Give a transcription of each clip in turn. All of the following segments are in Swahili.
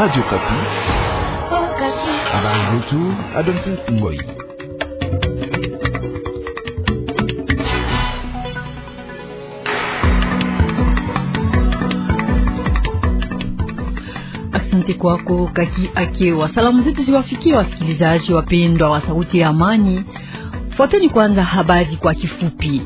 Radio Kapi. Habari zetu, Adolphine Ngoy. Asante kwako Kaki Akewa. Salamu zetu ziwafikie wasikilizaji wapendwa wa Sauti ya Amani. Fuateni kwanza habari kwa kifupi.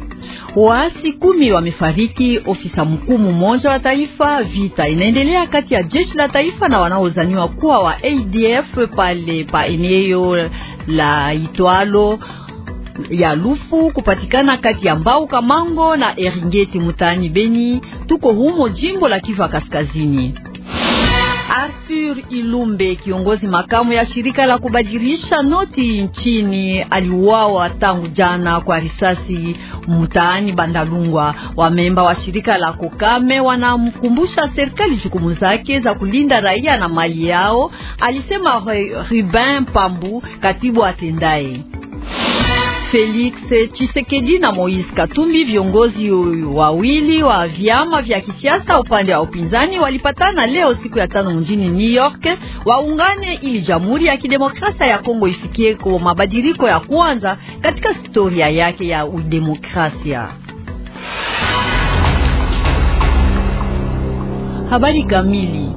Waasi kumi wamefariki. Ofisa mkuu mmoja wa taifa. Vita inaendelea kati ya jeshi la taifa na wanaozaniwa kuwa wa ADF pale pa eneo la itwalo ya Lufu kupatikana kati ya Mbau Kamango na Eringeti mutani Beni, tuko humo jimbo la Kivu Kaskazini. Arthur Ilumbe, kiongozi makamu ya shirika la kubadilisha noti nchini, aliuawa tangu jana kwa risasi mtaani Bandalungwa. Wamemba wa shirika la Kokame wanamkumbusha serikali jukumu zake za kulinda raia na mali yao, alisema Rubin Pambu, katibu atendaye Felix eh, Tshisekedi na Moise Katumbi, viongozi wawili wa vyama vya kisiasa upande wa upinzani, walipatana leo siku ya tano mjini New York waungane ili Jamhuri ya Kidemokrasia ya Kongo ifikie kwa mabadiliko ya kwanza katika historia yake ya udemokrasia. Habari kamili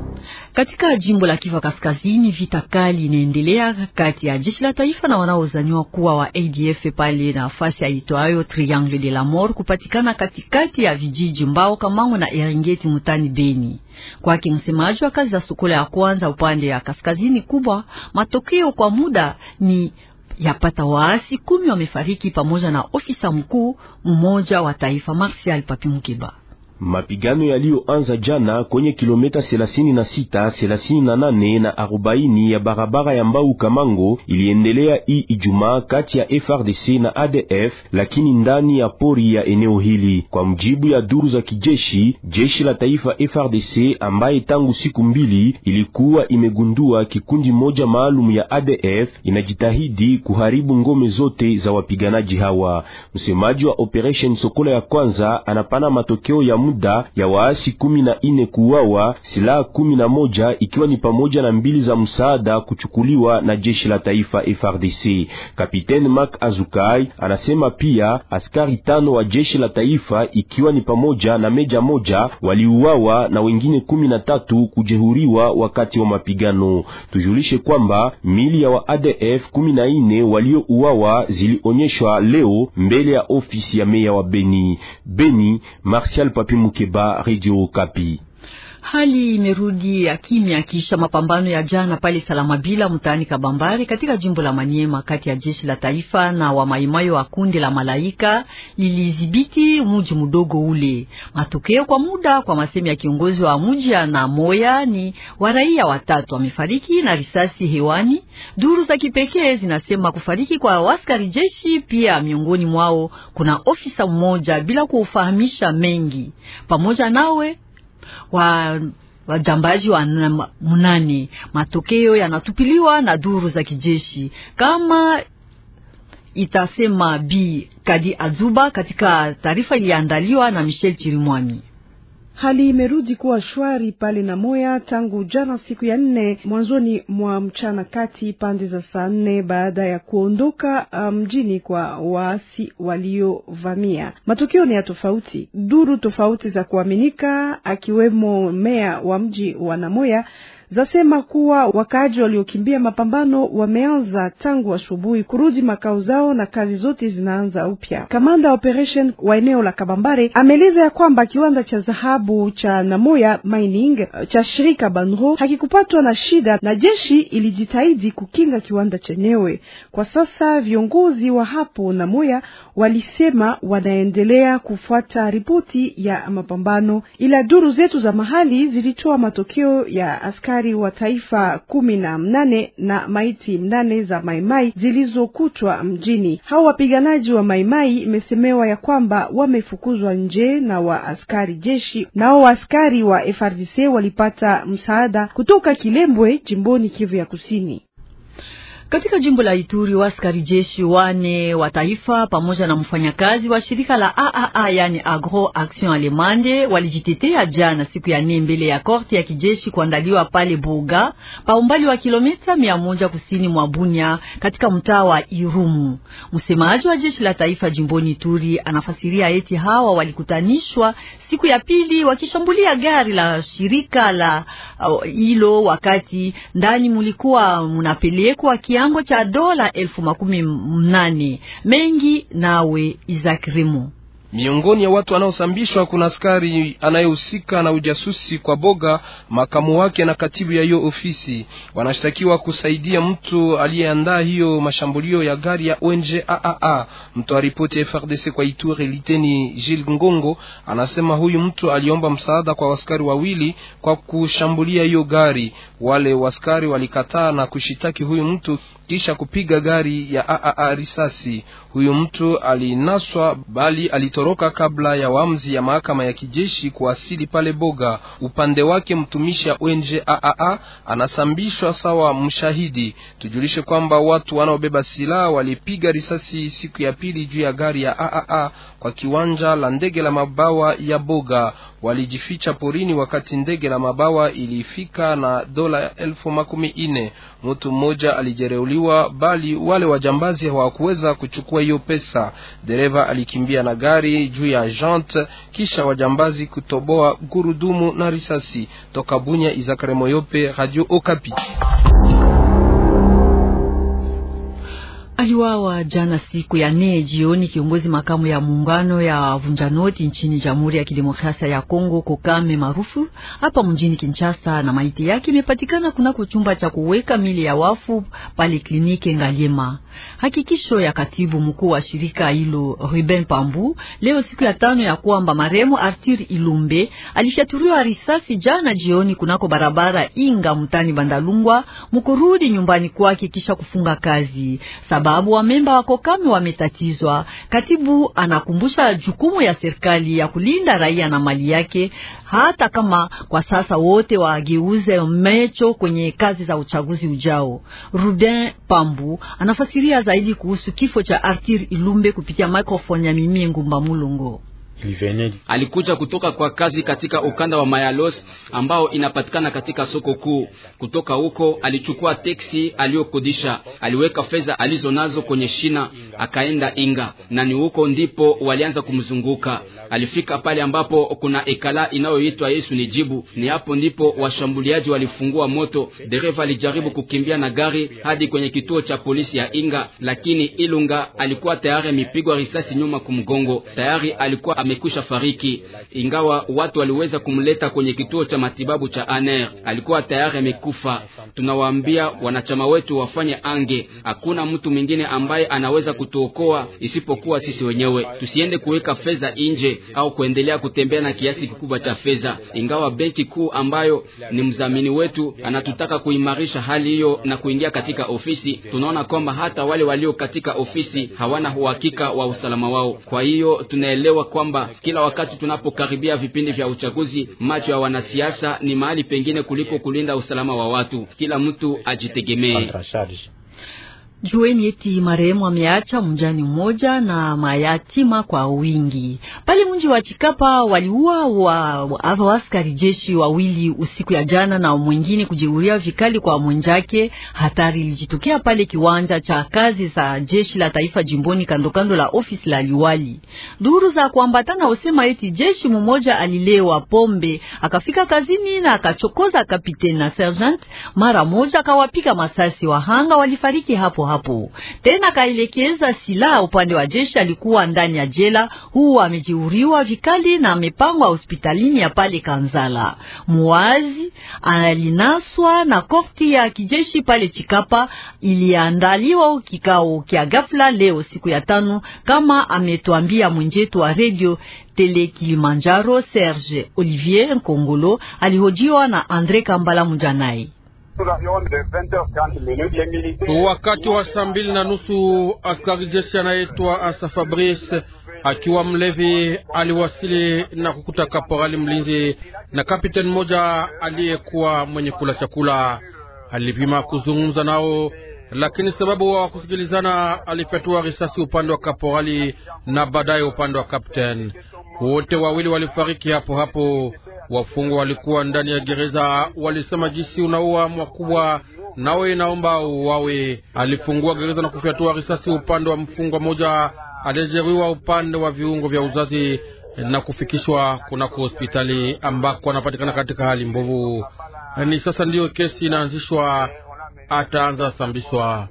katika jimbo la Kivu Kaskazini, vita kali inaendelea kati ya jeshi la taifa na wanaozaniwa kuwa wa ADF pale nafasi aitwayo Triangle de la Mort kupatikana katikati ya vijiji Mbao, Kamango na Eringeti mutani Beni. Kwake msemaji wa kazi za Sokola ya kwanza upande ya kaskazini kubwa, matokeo kwa muda ni yapata waasi kumi wamefariki pamoja na ofisa mkuu mmoja wa taifa Marsial papimukeba Mapigano yaliyoanza jana kwenye kilomita 36, 38 na 40 ya barabara ya Mbau Kamango iliendelea hii Ijumaa kati ya FRDC na ADF, lakini ndani ya pori ya eneo hili. Kwa mjibu ya duru za kijeshi, jeshi la taifa FRDC, ambaye tangu siku mbili ilikuwa imegundua kikundi moja maalum ya ADF, inajitahidi kuharibu ngome zote za wapiganaji hawa. Msemaji wa Operation Sokola ya kwanza anapana matokeo ya muda ya waasi kumi na ine kuuawa, silaha kumi na moja ikiwa ni pamoja na mbili za msaada kuchukuliwa na jeshi la taifa FRDC. Kapiteni Mark Azukai anasema pia askari tano wa jeshi la taifa ikiwa ni pamoja na meja moja waliuawa na wengine kumi na tatu kujehuriwa wakati wa mapigano. Tujulishe kwamba mili ya wa ADF kumi na ine waliouawa zilionyeshwa leo mbele ya ofisi ya meya wa Beni. Beni, Martial Papi mukeba Radio Kapi. Hali imerudi ya kimya kisha mapambano ya jana pale salama bila mtaani Kabambari katika jimbo la Maniema kati ya jeshi la taifa na wamaimayo wa kundi la Malaika lilidhibiti mji mdogo ule. Matokeo kwa muda kwa masemi ya kiongozi wa mji na moya ni waraia watatu wamefariki na risasi hewani. Duru za kipekee zinasema kufariki kwa waskari jeshi pia, miongoni mwao kuna ofisa mmoja bila kuufahamisha mengi. Pamoja nawe wa wajambaji wa munane. Matokeo yanatupiliwa na duru za kijeshi kama itasema Bi Kadi Azuba katika taarifa iliyoandaliwa na Michel Chirimwami. Hali imerudi kuwa shwari pale na moya tangu jana siku ya nne mwanzoni mwa mchana kati pande za saa nne baada ya kuondoka uh, mjini um, kwa waasi waliovamia. Matokeo ni ya tofauti, duru tofauti za kuaminika, akiwemo meya wa mji wa Namoya zasema kuwa wakaaji waliokimbia mapambano wameanza tangu asubuhi wa kurudi makao zao na kazi zote zinaanza upya. Kamanda operation wa eneo la Kabambare ameeleza ya kwamba kiwanda cha dhahabu cha Namoya Mining eh, cha shirika Banro hakikupatwa na shida na jeshi ilijitahidi kukinga kiwanda chenyewe. Kwa sasa viongozi wa hapo Namoya walisema wanaendelea kufuata ripoti ya mapambano, ila duru zetu za mahali zilitoa matokeo ya askari askari wa taifa kumi na mnane na maiti mnane za maimai zilizokutwa mjini. Hao wapiganaji wa maimai imesemewa ya kwamba wamefukuzwa nje na waaskari jeshi, nao waaskari wa FRDC walipata msaada kutoka Kilembwe, jimboni Kivu ya Kusini. Katika jimbo la Ituri waskari jeshi wane wa taifa pamoja na mfanyakazi wa shirika la AAA yani Agro Action Alemande walijitetea jana siku ya nne mbele ya korti ya kijeshi kuandaliwa pale Buga pa umbali wa kilomita mia moja kusini mwa Bunya katika mtaa wa Irumu. Msemaji wa jeshi la taifa jimboni Ituri anafasiria eti hawa walikutanishwa siku ya pili wakishambulia gari la shirika la uh, hilo uh, wakati ndani mulikuwa mnapelekwa kiango cha dola elfu makumi mnane mengi nawe Isaac izakirimu Miongoni ya watu wanaosambishwa kuna askari anayehusika na ujasusi kwa boga, makamu wake na katibu ya hiyo ofisi. Wanashtakiwa kusaidia mtu aliyeandaa hiyo mashambulio ya gari ya ONG AAA. wa ripoti ya FRDC kwa Ituri, Liteni Gilles Ngongo, anasema huyu mtu aliomba msaada kwa waskari wawili kwa kushambulia hiyo gari. Wale waskari walikataa na kushitaki huyu mtu kisha kupiga gari ya AAA risasi. Huyu mtu alinaswa bali alitoroka kutoroka kabla ya wamzi ya mahakama ya kijeshi kuasili pale Boga. Upande wake mtumishi ya ONG AAA anasambishwa sawa mshahidi. Tujulishe kwamba watu wanaobeba silaha walipiga risasi siku ya pili juu ya gari ya AAA kwa kiwanja la ndege la mabawa ya Boga walijificha porini wakati ndege la mabawa ilifika na dola elfu makumi ine. Mtu mmoja alijereuliwa, bali wale wajambazi hawakuweza kuchukua hiyo pesa. Dereva alikimbia na gari juu ya jante, kisha wajambazi kutoboa gurudumu na risasi. Toka Bunya, Izakare Moyope, Radio Okapi. aliwawa jana siku ya nne jioni. Kiongozi makamu ya muungano ya vunjanoti nchini Jamhuri ya Kidemokrasia ya Kongo, Kokame maarufu hapa mjini Kinshasa, na maiti yake imepatikana kunako chumba cha kuweka mili ya wafu pale kliniki Ngaliema. Hakikisho ya katibu mkuu wa shirika hilo Ruben Pambu leo siku ya tano ya kwamba marehemu Arthur Ilumbe alifyaturiwa risasi jana jioni kunako barabara Inga mtani Bandalungwa mukurudi nyumbani kwake kisha kufunga kazi Sabah sababu wamemba wa kokame wametatizwa. Katibu anakumbusha jukumu ya serikali ya kulinda raia na mali yake, hata kama kwa sasa wote wageuze mecho kwenye kazi za uchaguzi ujao. Rudin Pambu anafasiria zaidi kuhusu kifo cha Arthur Ilumbe kupitia microphone ya Mimie Ngumba Mulongo. Alikuja kutoka kwa kazi katika ukanda wa Mayalos ambao inapatikana katika soko kuu. Kutoka huko alichukua teksi aliyokodisha, aliweka fedha alizonazo kwenye shina, akaenda Inga na ni huko ndipo walianza kumzunguka. Alifika pale ambapo kuna ekala inayoitwa Yesu ni jibu, ni hapo ndipo washambuliaji walifungua moto. Dereva alijaribu kukimbia na gari hadi kwenye kituo cha polisi ya Inga, lakini Ilunga alikuwa tayari amepigwa risasi nyuma kumgongo, tayari alikuwa amekwisha fariki, ingawa watu waliweza kumleta kwenye kituo cha matibabu cha Aner. Alikuwa tayari amekufa. Tunawaambia wanachama wetu wafanye ange, hakuna mtu mwingine ambaye anaweza kutuokoa isipokuwa sisi wenyewe. Tusiende kuweka fedha nje au kuendelea kutembea na kiasi kikubwa cha fedha, ingawa benki kuu ambayo ni mdhamini wetu anatutaka kuimarisha hali hiyo na kuingia katika ofisi. Tunaona kwamba hata wale walio katika ofisi hawana uhakika wa usalama wao, kwa hiyo tunaelewa kwamba kwamba kila wakati tunapokaribia vipindi vya uchaguzi, macho ya wanasiasa ni mahali pengine kuliko kulinda usalama wa watu. Kila mtu ajitegemee. Jueni eti marehemu ameacha mjani mmoja na mayatima kwa wingi pale mji wa Chikapa. Waliua wa askari jeshi wawili usiku ya jana na mwingine kujeruhiwa vikali kwa mwenjake. Hatari ilijitokea pale kiwanja cha kazi za jeshi la taifa jimboni, kandokando la ofisi la liwali. Duru za kuambatana usema eti jeshi mmoja alilewa pombe akafika kazini na akachokoza kapiteni na sergeant, mara moja akawapika masasi. Wahanga walifariki hapo hapo. Tena kaelekeza silaha upande wa jeshi, alikuwa ndani ya jela, huu amejiuriwa vikali na amepangwa hospitalini ya pale Kanzala. muwazi alinaswa na korti ya kijeshi pale Chikapa. Iliandaliwa kikao kya ghafla leo siku ya tano, kama ametuambia mwenjetu wa redio Tele Kilimanjaro Serge Olivier Nkongolo alihojiwa na Andre Kambala Mujanai. Wakati wa saa mbili na nusu askari jeshi anaitwa Asa Fabrice akiwa mlevi aliwasili na kukuta kaporali mlinzi na kapiteni mmoja aliyekuwa mwenye kula chakula. Alipima kuzungumza nao, lakini sababu kusikilizana, alifyatua risasi upande wa kaporali na baadaye upande wa kapteni. Wote wawili walifariki hapo hapo. Wafungwa walikuwa ndani ya gereza walisema jisi unaua mwakubwa, nawe inaomba uwawe. Alifungua gereza na kufyatua risasi upande wa mfungwa mmoja aliyejeruhiwa upande wa viungo vya uzazi na kufikishwa kunako hospitali ambako anapatikana katika hali mbovu. Ni sasa ndiyo kesi inaanzishwa, ataanza sambishwa.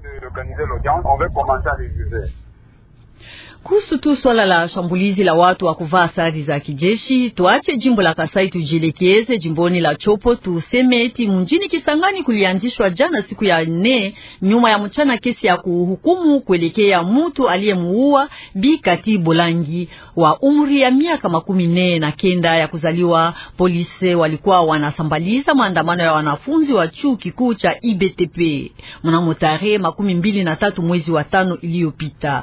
Kuhusu tu swala la shambulizi la watu wa kuvaa sare za kijeshi, tuache jimbo la Kasai tujielekeze jimboni la Chopo. Tuseme eti mjini Kisangani kulianzishwa jana siku ya nne nyuma ya mchana kesi ya kuhukumu kuelekea mtu aliyemuua Bi Kati Bolangi wa umri ya miaka makumi nne na kenda ya kuzaliwa. Polisi walikuwa wanasambaliza maandamano ya wanafunzi wa chuo kikuu cha IBTP mnamo tarehe makumi mbili na tatu mwezi wa tano iliyopita.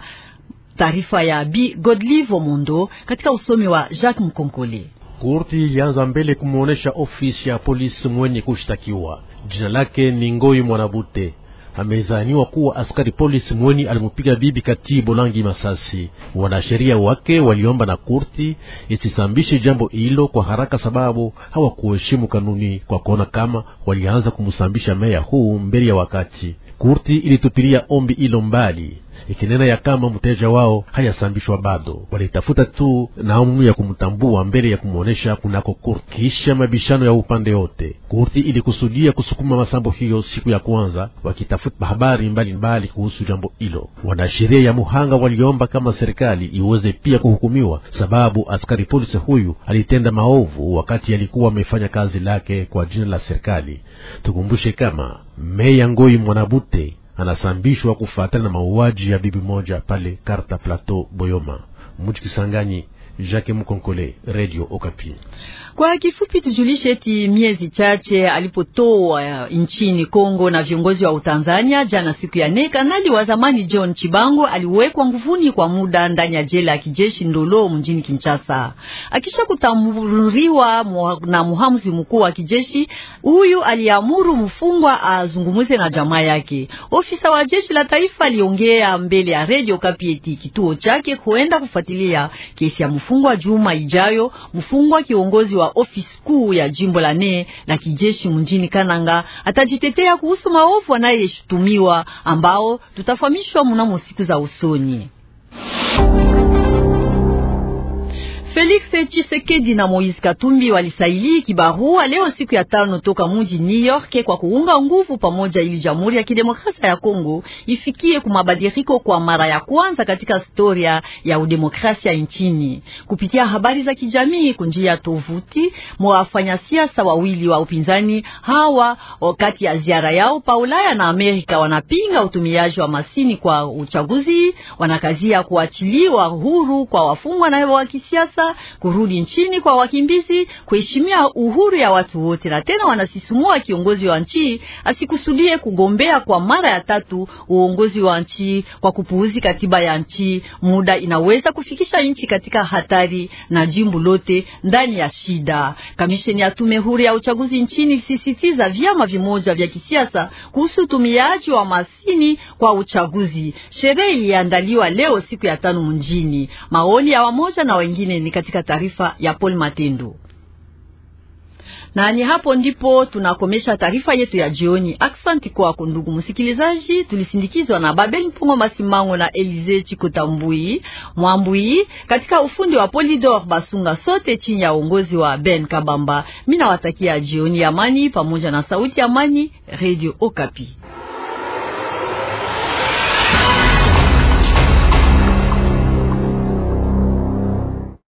Taarifa ya Bi Godlivo Omondo katika usomi wa Jacques Mkonkole. Kurti ilianza mbele kumwonyesha ofisi ya polisi mwenye kushtakiwa, jina lake ni Ngoi Mwanabute amezaniwa kuwa askari polisi mweni alimupiga bibi Kati Bolangi masasi. Wanasheria wake waliomba na kurti isisambishe jambo hilo kwa haraka, sababu hawakuheshimu kanuni kwa kuona kama walianza kumsambisha meya huu mbele ya wakati. Kurti ilitupilia ombi hilo mbali ikinena ya kama mteja wao hayasambishwa bado, walitafuta tu namu ya kumtambua mbele ya kumwonyesha kunako kurti. Kisha mabishano ya upande wote, kurti ilikusudia kusukuma masambo hiyo siku ya kwanza, wakitafuta habari mbalimbali kuhusu jambo hilo. Wanasheria ya muhanga waliomba kama serikali iweze pia kuhukumiwa, sababu askari polisi huyu alitenda maovu wakati alikuwa amefanya kazi lake kwa jina la serikali. Tukumbushe kama meya Ngoi Mwanabute anasambishwa kufuatana na mauaji ya bibi moja pale Karta Plateau Boyoma, mji Kisangani. Jacques Mkonkole, Radio Okapi. Kwa kifupi tujulishe eti miezi chache alipotoa eh, nchini Kongo na viongozi wa Utanzania jana siku ya nne, kanali wa zamani John Chibango aliwekwa nguvuni kwa muda ndani ya jela ya kijeshi Ndolo mjini Kinshasa. Akisha kutamuriwa na muhamuzi mkuu wa kijeshi, huyu aliamuru mfungwa azungumze na jamaa yake. Ofisa wa jeshi la taifa aliongea mbele ya redio Kapieti kituo chake kuenda kufuatilia kesi ya mfungwa juma ijayo. Mfungwa kiongozi wa wa ofisi kuu ya jimbo la ne la kijeshi mjini Kananga atajitetea kuhusu maovu anayeshutumiwa ambao tutafahamishwa mnamo siku za usoni. Felix Tshisekedi na Moise Katumbi walisaili kibarua leo siku ya tano toka mji New York kwa kuunga nguvu pamoja ili Jamhuri ya Kidemokrasia ya Kongo ifikie kumabadiliko kwa mara ya kwanza katika historia ya udemokrasia nchini. Kupitia habari za kijamii kunjia tovuti, siasa wawili wa upinzani hawa wakati ya ziara yao pa Ulaya na Amerika wanapinga utumiaji wa masini kwa uchaguzi, wanakazia kuachiliwa huru kwa wafungwa na wa kisiasa Kinshasa, kurudi nchini kwa wakimbizi, kuheshimia uhuru ya watu wote. Na tena wanasisimua kiongozi wa nchi asikusudie kugombea kwa mara ya tatu uongozi wa nchi kwa kupuuzi katiba ya nchi. Muda inaweza kufikisha nchi katika hatari na jimbo lote ndani ya shida. Kamisheni ya tume huru ya uchaguzi nchini sisitiza vyama vimoja vya kisiasa kuhusu utumiaji wa masini kwa uchaguzi. Sherehe iliandaliwa leo siku ya tano mjini. Maoni ya wamoja na wengine ni katika taarifa ya Paul Matindu. Na ni hapo ndipo tunakomesha taarifa yetu ya jioni. Aksanti kwa ndugu msikilizaji. Tulisindikizwa na Babel Mpungo Masimango na Elize Chikotambui Mwambui katika ufundi wa Polidor Basunga, sote chini ya uongozi wa Ben Kabamba. Mimi nawatakia jioni ya amani pamoja na sauti ya amani, Radio Okapi.